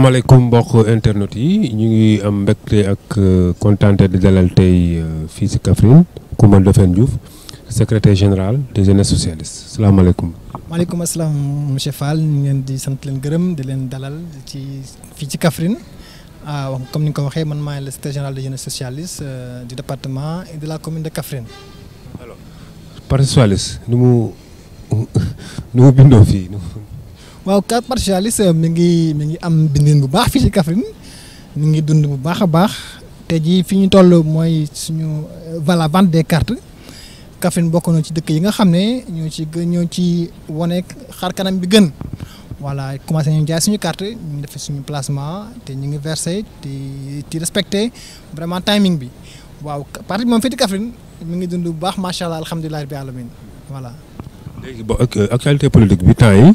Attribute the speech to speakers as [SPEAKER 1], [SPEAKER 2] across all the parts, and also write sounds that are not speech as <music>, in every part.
[SPEAKER 1] alaikum. mbokk internet yi ñu ngi am mbégte ak contenté euh, di dalal tey euh, fii Kafrine, Kaffrine Coumba Ndoffène Diouf secrétaire général des jeunes socialistes alaikum.
[SPEAKER 2] maaleykum asalaam monsieur Fall ñu ngi leen di sant leen gërëm di leen dalal ci fii ci Kafrine. ah comme ni ko waxee man maay le secrétaire général des jeunes socialistes euh, du département et de la commune de Kafrine. alors
[SPEAKER 1] parti socialiste nu mu <laughs> nu mu bindoo fii.
[SPEAKER 2] waaw kat pastoraliste eh, mi ngi mi ngi am bindin bu baax fii ci Kaffrine mi ngi dund bu baax a baax te ji fi ñu toll mooy suñu euh, vala vente des cartes Kaffrine bokk na ci dëkk yi nga xam ne ñoo ci ñoo ci wane xar kanam bi gën voilà commencé ñu jaay suñu carte ñu def suñu placement te ñu ngi versé te ci respecté vraiment timing bi waaw parti moom fii ci Kaffrine mi ngi dund bu baax macha allah alhamdulilah rabbi alamin voilà.
[SPEAKER 1] léegi euh, actualité politique bi temps yi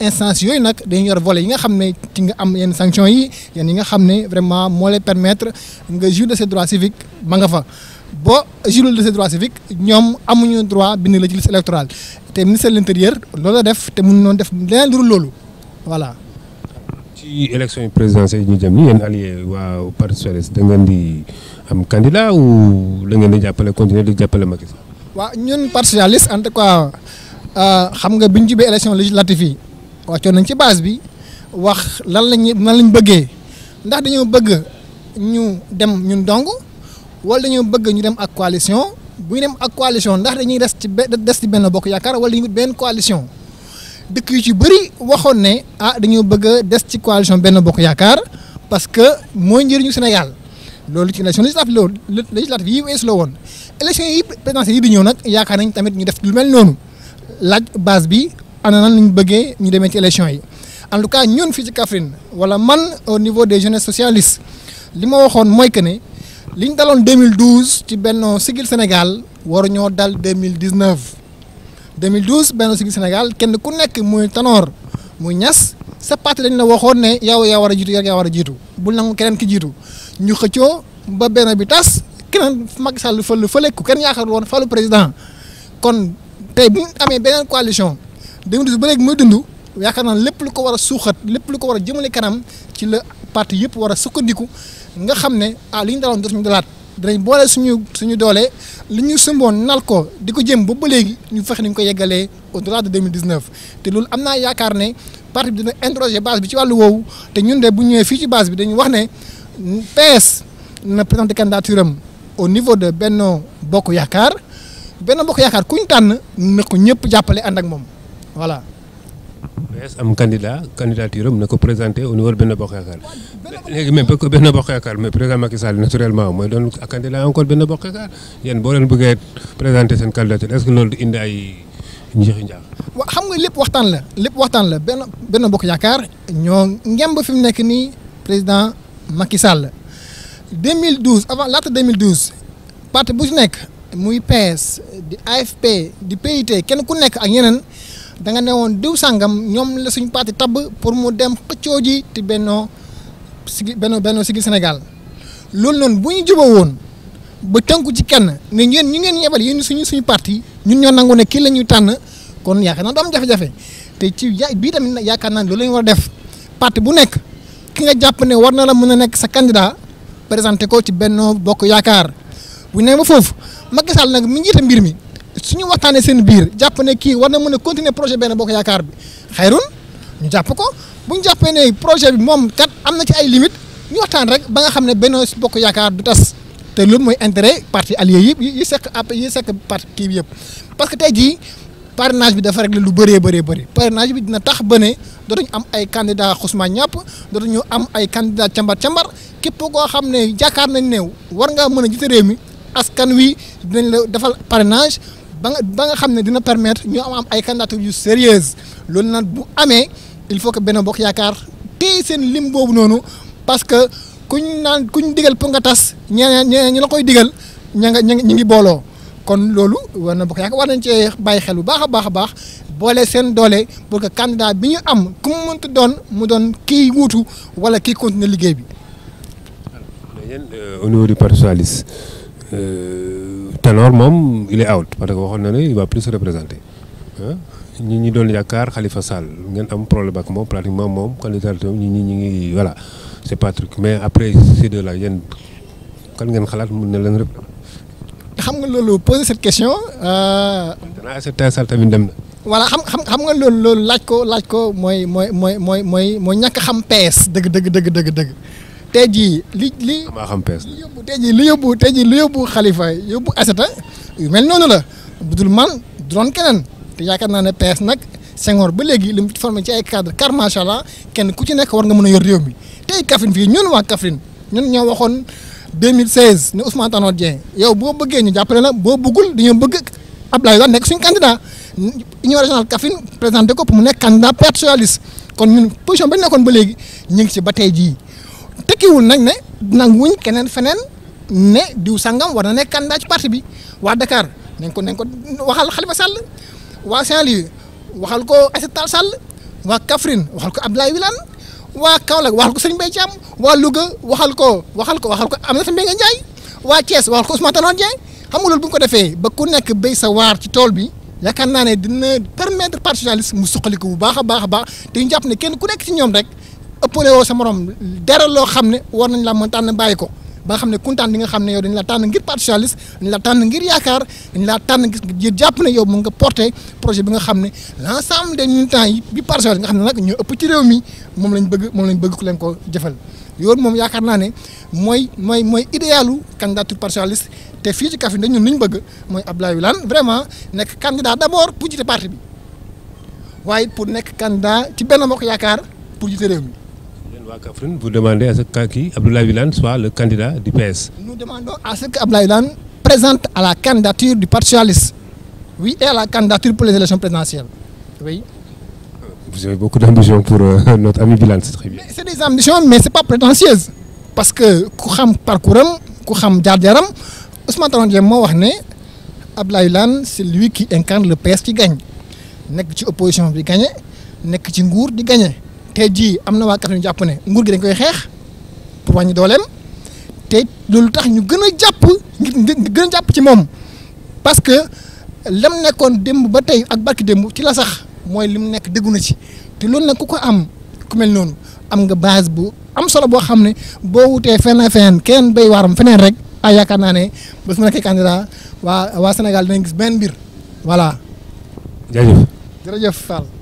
[SPEAKER 2] instance yoy nak dañ yor volé yi nga xamné ci nga am yeen sanction yi yeen yi nga xamné vraiment mo lay permettre nga jouir de ses droits civiques ba nga fa bo jouirul de ses droits civiques ñoom amuñu droit bind la ci liste électorale te ministère de l'intérieur loolu def té mënu non def leneen lu lolu voilà.
[SPEAKER 1] ci élection présidentielle ñu jëm ni yeen allié wa parti socialiste da nga di am candidat ou da nga di jappalé continuer di jappalé Macky Sall.
[SPEAKER 2] wa ñun parti socialiste en tout cas euh, xam nga biñ jubee élection législative wàccoon nañ ci base bi wax lan lañu lan lañ bëggee ndax dañoo bëgg ñu dem ñun dong wala dañoo bëgg ñu dem ak coalition bu ñu dem ak coalition ndax dañuy des ci des ci benn bokk yaakaar wala dañuy benn coalition dëkk yu ci bëri waxoon ne ah dañoo bëgg a des ci coalition benn bokk yaakaar parce que mooy njëriñu Sénégal loolu ci élection législative loolu législative yi weesu la woon élection yi présidentielle yi di ñëw nag yaakaar nañ tamit ñu def lu mel noonu laaj base bi. ana nan lañ bëggee ñu demee ci élection yi en tout cas ñun fii ci Kaffrine wala man au niveau des jeunes socialistes li ma waxoon mooy que ne li ñu daloon 2012 ci Benno Siggil Sénégal waru ñoo dal 2019 2012 Benno Siggil Sénégal kenn ku nekk muy Tanor muy ñas sa parti dañ ne waxoon ne yow yaa war a jiitu yaa war a jiitu bul nangu keneen ki jiitu ñu xëccoo ba benn bi tas keneen Macky Sall fële fële ku kenn yaakaar woon falu président kon tey bu ñu amee beneen coalition. 2012 ba léegi muy dund yaakaar naa lépp lu ko war a suuxat lépp lu ko war a jëmale kanam ci la parti yëpp war a sukkandiku nga xam ne ah li ñu daloon dootuñu dalaat dinañ boole suñu suñu doole li ñu sumboon nal ko di ko jëm ba ba léegi ñu fexe nañ ko yeggalee au delà de 2019 te loolu am naa yaakaar ne parti bi dina interroger base bi ci wàllu woowu te ñun de bu ñëwee fii ci base bi dañu wax ne PS na présenté candidature am au niveau de Benno Bokk Yaakaar Benno Bokk Yaakaar ku ñu tànn na ko ñëpp jàppale ànd ak moom. voilà.
[SPEAKER 1] PS am candidat candidature am ne ko présenté au niveau de Benno Bokk Yaakaar léegi me Benno Bokk Yaakaar mais président Macky Sall naturellement mooy doon candidat encore Benno Bokk Yaakaar yéen boo leen bëggee présenté seen candidature ay njeexi
[SPEAKER 2] xam nga lépp waxtaan la lépp waxtaan la benn Benno Bokk Yaakaar ñoo ngemb fi mu nekk nii président Macky Sall 2012 avant laata 2012 parti bu ci nekk muy PS di AFP di PIT kenn ku nekk ak yeneen danga nga ne woon diw sàngam ñoom la suñu parti tab pour mu dem xëccoo ji te bennoo sigi bennoo bennoo sigi Sénégal loolu noonu bu ñu jubóo woon ba tënku ci kenn ne ñeen ñu ngeen yebal yéen suñu suñu parti ñun ñoo nangu ne kii la ñuy tànn kon yaakaar naa du am jafe-jafe te ci ya bii tamit nag yaakaar naa loolu la ñu war a def parti bu nekk ki nga jàpp ne war na la mën a nekk sa candidat présenté ko ci bennoo bokk yaakaar bu ne ba foofu Macky Sall nag mi njiite mbir mi. suñu waxtaanee seen biir jàpp ne kii war na mën a continuer projet benn bokk yaakaar bi xayrun ñu jàpp ko bu ñu jàppee ne projet bi moom kat am na ci ay limites ñu waxtaan rek ba nga xam ne benn bokk yaakaar du tas te loolu mooy intérêt parti allié yëpp yi sekk app yi sekk parti kii bi yëpp parce que tey jii parrainage bi dafa régler lu bëree bëree bëri parrainage bi dina tax ba ne dootuñu am ay candidat xusma ñàpp dootuñu am ay candidat cambar cambar képp koo xam ne yaakaar nañ ne war ngaa mën a jiite réew mi askan wi dinañ la defal parrainage ba nga ba nga xam ne dina permettre ñoo am ay candidature yu sérieuse loolu nag bu amee il faut que benn Bokk Yaakaar téye seen lim boobu noonu parce que kuñ naan kuñ digal pour nga tas ñeneen ñeneen ñi la koy digal ña nga ñi ngi booloo kon loolu war na Bokk Yaakaar war nañ cee bàyyi xel bu baax a baax a baax boolee seen doole pour que candidat bi ñu am ku mu mënta doon mu doon kii wuutu wala kii continuer liggéey bi.
[SPEAKER 1] Euh, tenor mom il est out parce que waxon na ne il va plus se représenter ñi ñi doon yaakaar Khalifa Sall ngeen am problème ak mom pratiquement mom candidat ñi ñi ñi voilà c'est pas truc mais après ces deux là yeen kan ngeen xalat mu ne leen rek
[SPEAKER 2] xam nga lolu poser cette question euh
[SPEAKER 1] dana accepter Sall tamit dem na
[SPEAKER 2] voilà xam xam xam nga lolu lolu laaj ko laaj ko moy moy moy moy moy ñak xam PS deug deug deug deug deug tey jii li li.
[SPEAKER 1] maa xam pees li yóbbu
[SPEAKER 2] tey jii li yóbbu tey jii li yóbbu xalifa yóbbu asata mel noonu la budul man du doon keneen te yaakaar naa ne pees nag Senghor ba léegi li mu formé ci ay cadre car macha allah kenn ku ci nekk war nga mën a yor réew mi tey Kaffrine fii ñun waa Kaffrine ñun ñoo waxoon 2016 ne Ousmane Tanor Dieng yow boo bëggee ñu jàppale la boo bëggul dañoo bëgg Abdoulaye Wade nekk suñu candidat union régionale Kaffrine présenté ko pour mu nekk candidat parti socialiste kon ñun position ba nekkoon ba léegi ñu ngi ci ba tey jii. tekkiwul nag ne wuñ keneen feneen ne diw sangam war na nekk candidat ci parti bi waa Dakar nañ ko nañ ko waxal Khalifa Sall waa saint waxal ko Aïssata Tall Sall waa Kaffrine waxal ko Abdoulaye Wilane waa Kaolack waxal ko Serigne Mbaye Thiam waa Louga waxal ko waxal ko waxal ko Aminata Mbengue Ndiaye waa Thiès waxal ko Ousmane Tanor Dieng xam nga loolu bu ñu ko defee ba ku nekk béy sa waar ci tool bi yaakaar naa ne dina permettre parti socialiste mu suqaliku bu baax a baax a baax te jàpp ne kenn ku nekk ci ñoom rek. ëppale woo sa morom dara loo xam ne war nañ la mën tànn bàyyi ko ba nga xam ne kontaan bi nga xam ne yow dañ la tànn ngir parti socialiste dañ la tànn ngir yaakaar dañ la tànn nga jàpp ne yow mën nga porter projet bi nga xam ne l' ensemble des militants yi bi parti socialiste nga xam ne nag ñoo ëpp ci réew mi moom lañ bëgg moom lañ bëgg ku leen ko jëfal yoon moom yaakaar naa ne mooy mooy mooy idéalu candidature parti socialiste te fii ci Kaffrine dañ ñun ñu bëgg mooy Ablaye Wilane vraiment nekk candidat d' abord pour jiite parti bi waaye pour nekk candidat ci benn mbokk yaakaar pour jiite réew mi
[SPEAKER 1] vous demandez à ce qu'Abdoulaye soit le candidat du PS Nous
[SPEAKER 2] demandons à ce qu'Abdoulaye présente à la candidature du Parti Socialiste. Oui, et à la candidature pour les élections présidentielles. Oui.
[SPEAKER 1] Vous avez beaucoup d'ambitions pour euh, <laughs> notre ami Bilan, c'est très bien.
[SPEAKER 2] C'est des ambitions, mais ce n'est pas prétentieuse. Parce que, Kouham Parkouram, Kouham Djardjaram, Ousmane Tarondien m'a dit Abdoulaye Wilane, c'est lui qui incarne le PS qui gagne. Nek opposition qui gagne, nek ngour qui gagne. tey jii am na waa kat ñu jàpp ne nguur gi dañ koy xeex pour wàññi dooleem te loolu tax ñu gën a jàpp gën a jàpp ci moom parce que lam nekkoon démb ba tey ak barki démb ci la sax mooy li mu nekk déggu na ci te loolu nag ku ko am ku mel noonu am nga base bu am solo boo xam ne boo wutee feneen feneen keneen bay waaram feneen rek ah yaakaar naa ne bés mu nekkee candidat waa waa Sénégal dinañ gis benn mbir voilà. jërëjëf